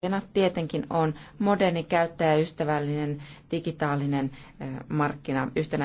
tavoitteena tietenkin on moderni käyttäjäystävällinen digitaalinen markkina yhtenäismarkkina.